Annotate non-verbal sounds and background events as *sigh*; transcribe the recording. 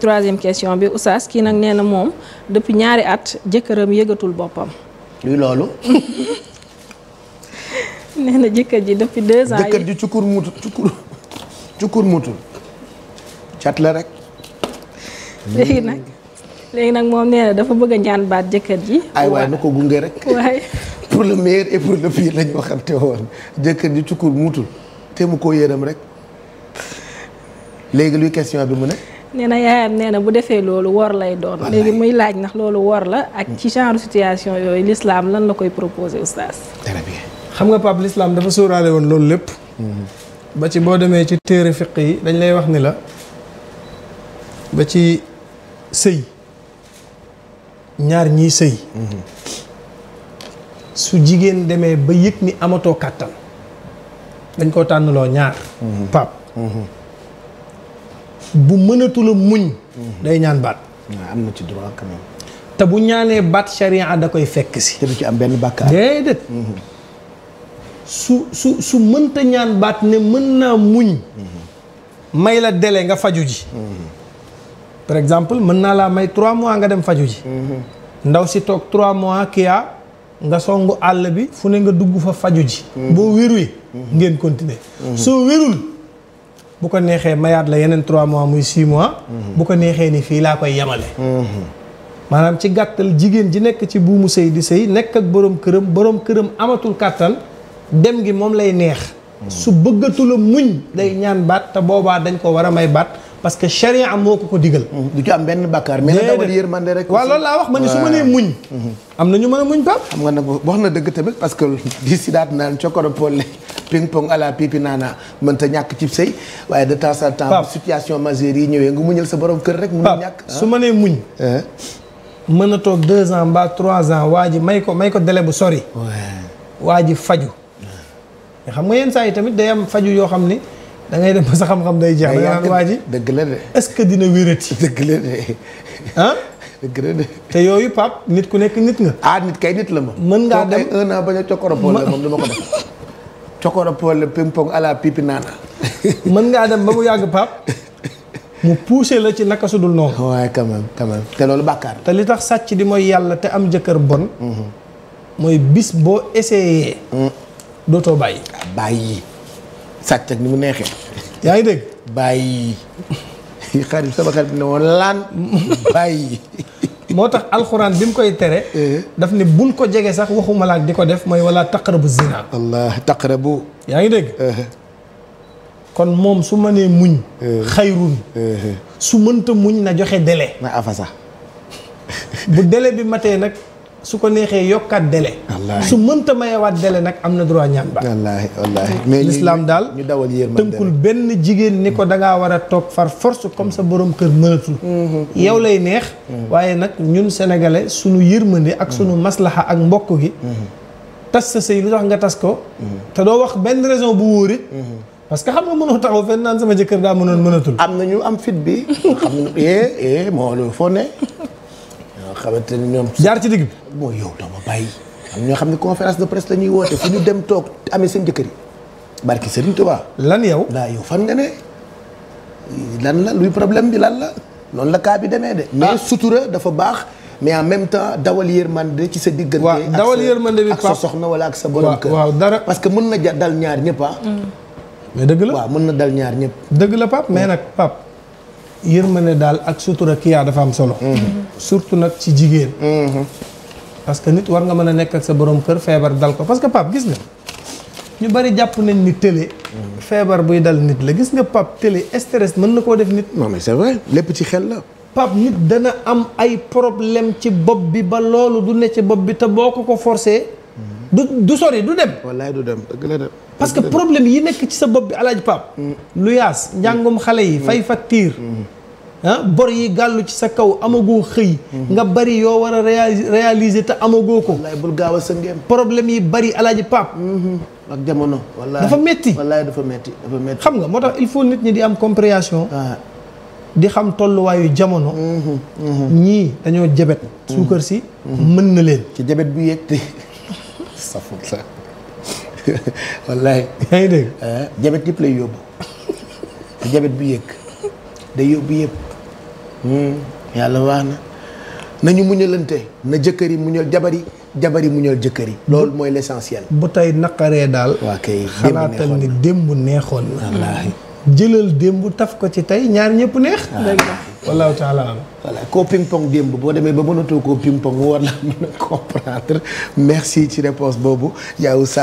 troisième question bi Oustaz kii nag nee na moom depuis ñaari at jëkkëram yëgatul boppam. luy loolu. *laughs* nee na jëkkër ji depuis deux ans yi jëkkër ji cukur mutu cukur cukur mutul cat la rek. léegi nag léegi nag moom nee na dafa bëgg a ñaan baat jëkkër ji. ay waay ko gunge rek. waaye. *laughs* pour le meilleur et pour le pire lañu waxante woon jëkkër ji cukur te mu koo yërëm rek léegi luy question bi mu ne. nee na yaayam nee na bu defee loolu wor lay doon. léegi muy laaj ndax loolu wor la ak ci genre situation yooyu lislaam lan la koy proposé oustaz. xam nga Pape lislaam dafa sóoraale woon loolu lépp. Mhm. ba ci boo demee ci téere fiq yi dañ lay wax ni la ba ci sëy ñaar ñiy sëy. Mhm. su jigéen demee ba yëg ni amatoo kàttan dañ ko tànnaloo ñaar. Mhm. Pape. bu mënatula muñ. Mm-hmm. day ñaan baat. Ah, am na ci droit te bu ñaanee baat charia da koy fekk si. te du benn bàkkaar. déedéet. Mm-hmm. su su su mënta ñaan baat ne mën naa muñ. Mm-hmm. may la dele nga faju ji. par exemple mën naa laa may trois mois nga dem faju ji. ndaw si toog trois mois kii nga songu àll bi fu ne nga dugg fa faju ji. boo wéruwee ngeen continuer soo wérul. bu ko neexee mayaat la yeneen trois mois muy six mois. Mhm. bu ko neexee ni fii laa koy yemale. Mhm. maanaam ci gàttal jigéen ji nekk ci buumu sëy di sëy nekk ak borom këram boroom këram amatul kàttan dem ngi moom lay neex. Mhm. su bëggatula muñ day ñaan baat te boobaa dañ ko war a may baat parce que am moo ko ko digal. lu ci am benn bakkaar mais nag dawal yërmande rek. waaw loolu laa wax ma ni su ma nee muñ. am na ñu mën a muñ Pape. xam wax na dëgg tamit parce que *laughs* di si daat naan cokkoro pole ping pong à la pipi naana mënta ñàkk cib sëy waaye de temps a temps situation majeure yi ñëwee nga muñal sa borom kër rek mënul ñàkk ah. su ma muñ eh? mën na toog deux ans mbaa trois ans waa ji may ko may ko délai bu sori waa ji faju nga xam nga yenn saa yi tamit day am faju yoo xam ni da ngay dem sa xam day jeex dëgg la ce que dina wérati *laughs* ah? dëgg la de te yooyu pap nit ku nekk nit nga ah nit kay nit la ma mën ngaa dem un a cokoroboo la moom du ko def *laughs* cokoro pole ping pong ala pipi naana *laughs* mën ngaa dem ba mu yàgg pap mu poussé la ci naka su noonu waaye quand même quand même te loolu bàkkaar te li tax sàcc di mooy yàlla te am jëkkër bon mooy bis boo essayé dootoo bàyyi ah, bàyyi sàcc ak ni mu neexee yaa ngi dégg bàyyi *laughs* xarit sama xarit ne woon laan *laughs* bàyyi moo tax alxuraan bi mu koy tere. Eh. daf ne bul ko jege sax waxuma la ak di ko def mooy wala taqrabu zina. allah bu yaa ngi dégg. Eh. kon moom su ma nee muñ. Eh. xayru su mënta muñ na joxe délai. na afa sax. bu délai bi matee nag. su ko neexee yokkaat délai. su mënta mayewaat délai nag am na droit ñaan ba. wallaahi wallaahi mais lislaam daal ñu dawal yërmande tënkul benn jigéen ni ko da war a toog far force comme sa boroom kër mënatul. Mm-hmm. yow lay neex. Mm-hmm. waaye nag ñun sénégalais sunu yërmande ak sunu mm-hmm. maslaxa ak mbokk gi. tas sa sëy lu tax nga tas ko. te doo wax benn raison bu wóor parce que xam nga mënoo taxaw fenn naan sama jëkkër daa mënoon mënatul. am na ñu am fit bi. xam nga eh, eh, moo loolu foo ne. xamante ne ñoom. jaar ci digg bi moo yow dama bàyyi. am ñoo xam ne conférence de presse la ñuy woote fu ñu dem toog amee seen jëkkër yi barki Serigne Touba. lan yow daa yow fan nga ne lan la luy problème bi lan la noonu la cas bi demee de. mais ah. sutura dafa baax. mais en même temps dawal yërmande ci sa diggante. waaw dawal yërmande bi ak sa soxna wala ak sa borom kër. waaw dara parce que mën na ja dal ñaar ñëpp ah. mais dëgg la waaw mën na dal ñaar ñëpp. dëgg la Pape mais nag Pape. ne daal ak sutura kiyaa dafa am solo. Mhm. surtout nag ci jigéen. Mhm. parce que nit war nga mën a nekk ak sa borom kër feebar dal ko parce que pap gis nga ñu bari jàpp nañ ni télé. Mhm. feebar buy dal nit la gis nga pap télé stress mën na koo def nit. non mais c'est lépp ci xel la. pap nit dana am ay problème ci bopp bi ba loolu du ne ci bopp bi te boo ko ko forcé du du sori du dem. wallaay du dem dëgg la parce que problème yi nekk ci sa bopp bi alaaj pap lu yaas njàngum xale yi. fay fa tiir Ah, bor yi gàllu ci sa kaw amagoo xëy. nga bari yoo war a réaliser te amagoo ko. gaaw a sëngeem. problème yi bari alaaji paap. Mm-hmm. jamono. wallaay dafa metti wallaay dafa metti xam nga moo tax il faut nit ñi di am compréhension. Ah. di xam tolluwaayu jamono. Mm-hmm, mm-hmm. ñii dañoo jabet. suukar si. mën na leen. ci jabet bu yegg te *laughs* safut la *laughs* ah, yëpp lay yóbbu te jabet bu yegg day yóbbu yëpp. Hmm, yàlla wax na nañu muñalante na jëkkër yi muñal jabar yi jabar yi muñal jëkkër yi loolu mooy l'essentiel bu tey naqaree daal waa kay xalaatal ni démb neexoon na wallaahi jëlal démb taf ko ci tey ñaar ñëpp neex wallahu taala am voilà koo ping pong démb boo demee ba mënatoo ko ping pong war la mën a comprendre merci ci réponse boobu yow sa